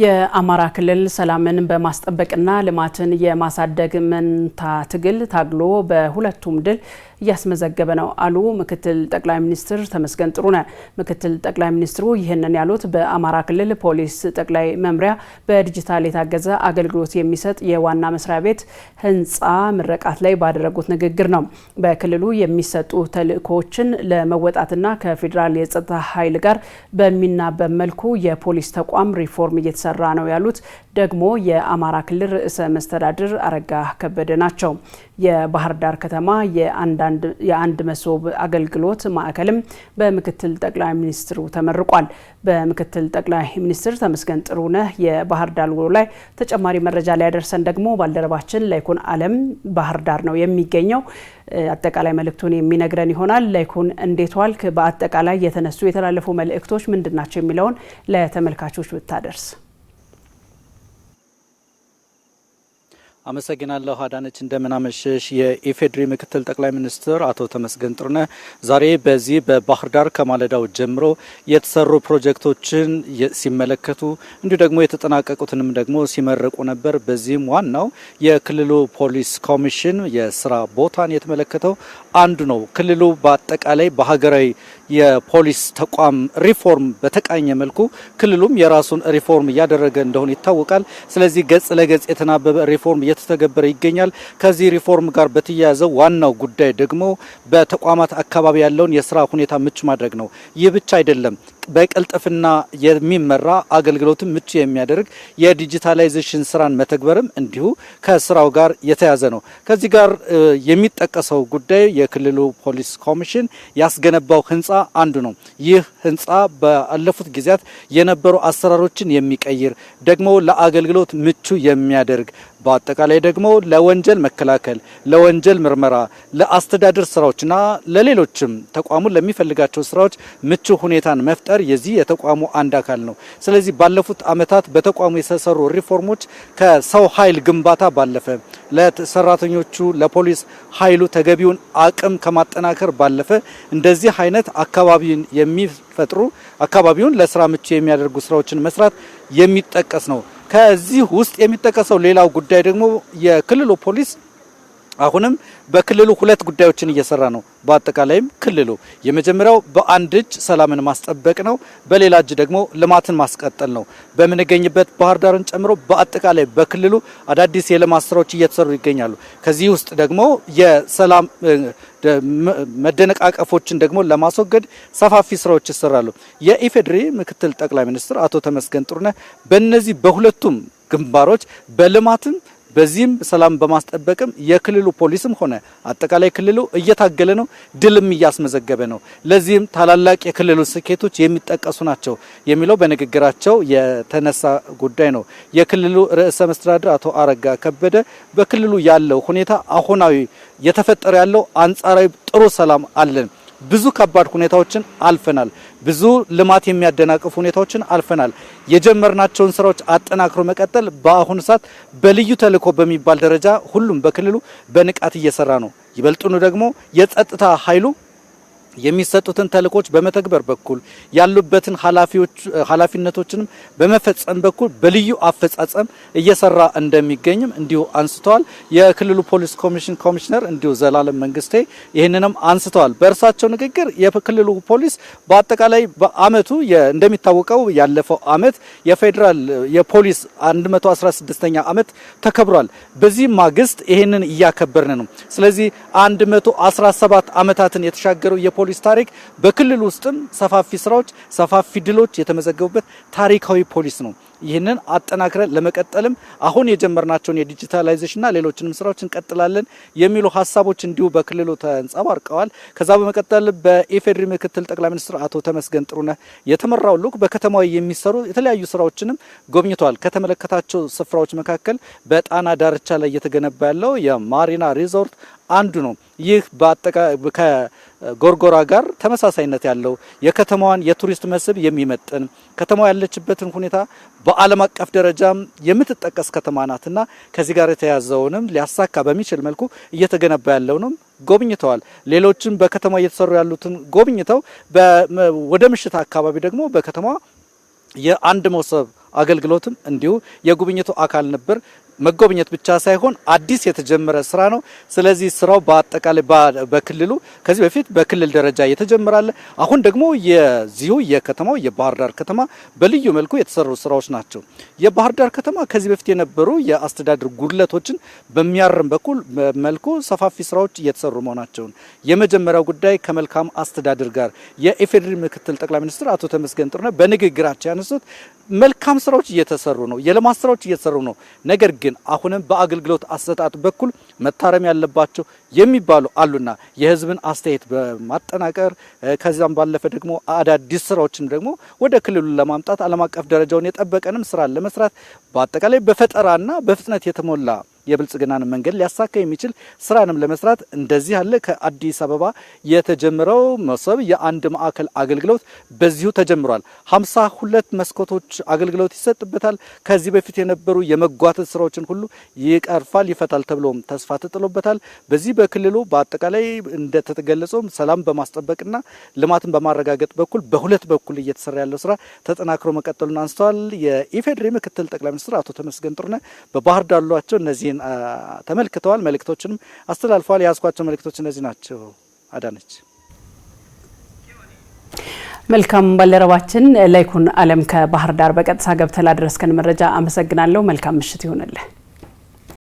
የአማራ ክልል ሰላምን በማስጠበቅና ልማትን የማሳደግ መንታ ትግል ታግሎ በሁለቱም ድል እያስመዘገበ ነው አሉ ምክትል ጠቅላይ ሚኒስትር ተመስገን ጥሩነህ። ምክትል ጠቅላይ ሚኒስትሩ ይህንን ያሉት በአማራ ክልል ፖሊስ ጠቅላይ መምሪያ በዲጂታል የታገዘ አገልግሎት የሚሰጥ የዋና መስሪያ ቤት ህንፃ ምረቃት ላይ ባደረጉት ንግግር ነው። በክልሉ የሚሰጡ ተልእኮዎችን ለመወጣትና ከፌዴራል የጸጥታ ኃይል ጋር በሚናበብ መልኩ የፖሊስ ተቋም ሪፎርም እየተሰራ ነው ያሉት ደግሞ የአማራ ክልል ርዕሰ መስተዳድር አረጋ ከበደ ናቸው። የባህር ዳር ከተማ የአንድ መሶብ አገልግሎት ማዕከልም በምክትል ጠቅላይ ሚኒስትሩ ተመርቋል። በምክትል ጠቅላይ ሚኒስትር ተመስገን ጥሩነህ የባህር ዳር ውሎ ላይ ተጨማሪ መረጃ ሊያደርሰን ደግሞ ባልደረባችን ላይኩን አለም ባህር ዳር ነው የሚገኘው። አጠቃላይ መልእክቱን የሚነግረን ይሆናል። ላይኩን እንዴት ዋልክ? በአጠቃላይ የተነሱ የተላለፉ መልእክቶች ምንድን ናቸው የሚለውን ለተመልካቾች ብታደርስ አመሰግናለሁ አዳነች። እንደምናመሸሽ። የኢፌዴሪ ምክትል ጠቅላይ ሚኒስትር አቶ ተመስገን ጥሩነህ ዛሬ በዚህ በባህር ዳር ከማለዳው ጀምሮ የተሰሩ ፕሮጀክቶችን ሲመለከቱ እንዲሁ ደግሞ የተጠናቀቁትንም ደግሞ ሲመረቁ ነበር። በዚህም ዋናው የክልሉ ፖሊስ ኮሚሽን የስራ ቦታን የተመለከተው አንዱ ነው። ክልሉ በአጠቃላይ በሀገራዊ የፖሊስ ተቋም ሪፎርም በተቃኘ መልኩ ክልሉም የራሱን ሪፎርም እያደረገ እንደሆነ ይታወቃል። ስለዚህ ገጽ ለገጽ የተናበበ ሪፎርም እየተተገበረ ይገኛል። ከዚህ ሪፎርም ጋር በተያያዘው ዋናው ጉዳይ ደግሞ በተቋማት አካባቢ ያለውን የስራ ሁኔታ ምቹ ማድረግ ነው። ይህ ብቻ አይደለም። በቅልጥፍና የሚመራ አገልግሎትን ምቹ የሚያደርግ የዲጂታላይዜሽን ስራን መተግበርም እንዲሁ ከስራው ጋር የተያዘ ነው። ከዚህ ጋር የሚጠቀሰው ጉዳይ የክልሉ ፖሊስ ኮሚሽን ያስገነባው ህንፃ አንዱ ነው። ይህ ህንፃ ባለፉት ጊዜያት የነበሩ አሰራሮችን የሚቀይር ደግሞ ለአገልግሎት ምቹ የሚያደርግ በአጠቃላይ ደግሞ ለወንጀል መከላከል፣ ለወንጀል ምርመራ፣ ለአስተዳደር ስራዎችና ለሌሎችም ተቋሙን ለሚፈልጋቸው ስራዎች ምቹ ሁኔታን መፍጠር የዚህ የተቋሙ አንድ አካል ነው። ስለዚህ ባለፉት አመታት በተቋሙ የተሰሩ ሪፎርሞች ከሰው ኃይል ግንባታ ባለፈ ለሰራተኞቹ ለፖሊስ ኃይሉ ተገቢውን አቅም ከማጠናከር ባለፈ እንደዚህ አይነት አካባቢን የሚፈጥሩ አካባቢውን ለስራ ምቹ የሚያደርጉ ስራዎችን መስራት የሚጠቀስ ነው። ከዚህ ውስጥ የሚጠቀሰው ሌላው ጉዳይ ደግሞ የክልሉ ፖሊስ አሁንም በክልሉ ሁለት ጉዳዮችን እየሰራ ነው። በአጠቃላይም ክልሉ የመጀመሪያው በአንድ እጅ ሰላምን ማስጠበቅ ነው፣ በሌላ እጅ ደግሞ ልማትን ማስቀጠል ነው። በምንገኝበት ባህር ዳርን ጨምሮ በአጠቃላይ በክልሉ አዳዲስ የልማት ስራዎች እየተሰሩ ይገኛሉ። ከዚህ ውስጥ ደግሞ የሰላም መደነቃቀፎችን ደግሞ ለማስወገድ ሰፋፊ ስራዎች ይሰራሉ። የኢፌዴሪ ምክትል ጠቅላይ ሚኒስትር አቶ ተመስገን ጥሩነህ በእነዚህ በሁለቱም ግንባሮች በልማትም በዚህም ሰላም በማስጠበቅም የክልሉ ፖሊስም ሆነ አጠቃላይ ክልሉ እየታገለ ነው፣ ድልም እያስመዘገበ ነው። ለዚህም ታላላቅ የክልሉ ስኬቶች የሚጠቀሱ ናቸው የሚለው በንግግራቸው የተነሳ ጉዳይ ነው። የክልሉ ርዕሰ መስተዳድር አቶ አረጋ ከበደ በክልሉ ያለው ሁኔታ አሁናዊ እየተፈጠረ ያለው አንጻራዊ ጥሩ ሰላም አለን ብዙ ከባድ ሁኔታዎችን አልፈናል። ብዙ ልማት የሚያደናቅፉ ሁኔታዎችን አልፈናል። የጀመርናቸውን ስራዎች አጠናክሮ መቀጠል በአሁኑ ሰዓት በልዩ ተልዕኮ በሚባል ደረጃ ሁሉም በክልሉ በንቃት እየሰራ ነው። ይበልጡኑ ደግሞ የጸጥታ ኃይሉ የሚሰጡትን ተልእኮች በመተግበር በኩል ያሉበትን ኃላፊነቶችንም በመፈጸም በኩል በልዩ አፈጻጸም እየሰራ እንደሚገኝም እንዲሁ አንስተዋል። የክልሉ ፖሊስ ኮሚሽን ኮሚሽነር እንዲሁ ዘላለም መንግስቴ ይህንንም አንስተዋል። በእርሳቸው ንግግር የክልሉ ፖሊስ በአጠቃላይ በአመቱ እንደሚታወቀው ያለፈው አመት የፌዴራል የፖሊስ 116ኛ አመት ተከብሯል። በዚህ ማግስት ይህንን እያከበርን ነው። ስለዚህ 117 ዓመታትን የተሻገረው ፖሊስ ታሪክ በክልል ውስጥም ሰፋፊ ስራዎች፣ ሰፋፊ ድሎች የተመዘገቡበት ታሪካዊ ፖሊስ ነው። ይህንን አጠናክረን ለመቀጠልም አሁን የጀመርናቸውን የዲጂታላይዜሽንና ሌሎችንም ስራዎች እንቀጥላለን የሚሉ ሀሳቦች እንዲሁ በክልሉ ተንጸባርቀዋል። ከዛ በመቀጠል በኢፌዴሪ ምክትል ጠቅላይ ሚኒስትር አቶ ተመስገን ጥሩነህ የተመራው ልዑክ በከተማዊ የሚሰሩ የተለያዩ ስራዎችንም ጎብኝተዋል። ከተመለከታቸው ስፍራዎች መካከል በጣና ዳርቻ ላይ እየተገነባ ያለው የማሪና ሪዞርት አንዱ ነው። ይህ ከጎርጎራ ጋር ተመሳሳይነት ያለው የከተማዋን የቱሪስት መስህብ የሚመጥን ከተማዋ ያለችበትን ሁኔታ በዓለም አቀፍ ደረጃም የምትጠቀስ ከተማ ናትና ከዚህ ጋር የተያዘውንም ሊያሳካ በሚችል መልኩ እየተገነባ ያለውንም ጎብኝተዋል። ሌሎችም በከተማ እየተሰሩ ያሉትን ጎብኝተው ወደ ምሽት አካባቢ ደግሞ በከተማ የአንድ መሶብ አገልግሎትም እንዲሁ የጉብኝቱ አካል ነበር። መጎብኘት ብቻ ሳይሆን አዲስ የተጀመረ ስራ ነው። ስለዚህ ስራው በአጠቃላይ በክልሉ ከዚህ በፊት በክልል ደረጃ የተጀመራለ አሁን ደግሞ የዚሁ የከተማው የባህር ዳር ከተማ በልዩ መልኩ የተሰሩ ስራዎች ናቸው። የባህር ዳር ከተማ ከዚህ በፊት የነበሩ የአስተዳደር ጉድለቶችን በሚያርም በኩል መልኩ ሰፋፊ ስራዎች እየተሰሩ መሆናቸውን የመጀመሪያው ጉዳይ ከመልካም አስተዳደር ጋር የኢፌዴሪ ምክትል ጠቅላይ ሚኒስትር አቶ ተመስገን ጥሩነህ በንግግራቸው ያነሱት መልካም ስራዎች እየተሰሩ ነው፣ የልማት ስራዎች እየተሰሩ ነው ነገር ግን ግን አሁንም በአገልግሎት አሰጣጥ በኩል መታረም ያለባቸው የሚባሉ አሉና የህዝብን አስተያየት በማጠናቀር ከዚያም ባለፈ ደግሞ አዳዲስ ስራዎችን ደግሞ ወደ ክልሉ ለማምጣት ዓለም አቀፍ ደረጃውን የጠበቀንም ስራ ለመስራት በአጠቃላይ በፈጠራና በፍጥነት የተሞላ የብልጽግናን መንገድ ሊያሳካ የሚችል ስራንም ለመስራት እንደዚህ ያለ ከአዲስ አበባ የተጀመረው መሶብ የአንድ ማዕከል አገልግሎት በዚሁ ተጀምሯል። ሀምሳ ሁለት መስኮቶች አገልግሎት ይሰጥበታል። ከዚህ በፊት የነበሩ የመጓተት ስራዎችን ሁሉ ይቀርፋል፣ ይፈታል ተብሎም ተስፋ ተጥሎበታል። በዚህ በክልሉ በአጠቃላይ እንደተገለጸውም ሰላም በማስጠበቅና ልማትን በማረጋገጥ በኩል በሁለት በኩል እየተሰራ ያለው ስራ ተጠናክሮ መቀጠሉን አንስተዋል። የኢፌዴሪ ምክትል ጠቅላይ ሚኒስትር አቶ ተመስገን ጥሩነህ በባህር ዳር ሏቸው እነዚህን ይህንን ተመልክተዋል፣ መልእክቶችንም አስተላልፈዋል። የያዝኳቸው መልእክቶች እነዚህ ናቸው። አዳነች መልካም ባልደረባችን ላይኩን አለም ከባህር ዳር በቀጥታ ገብተላ ድረስከን መረጃ አመሰግናለሁ። መልካም ምሽት ይሆንልህ።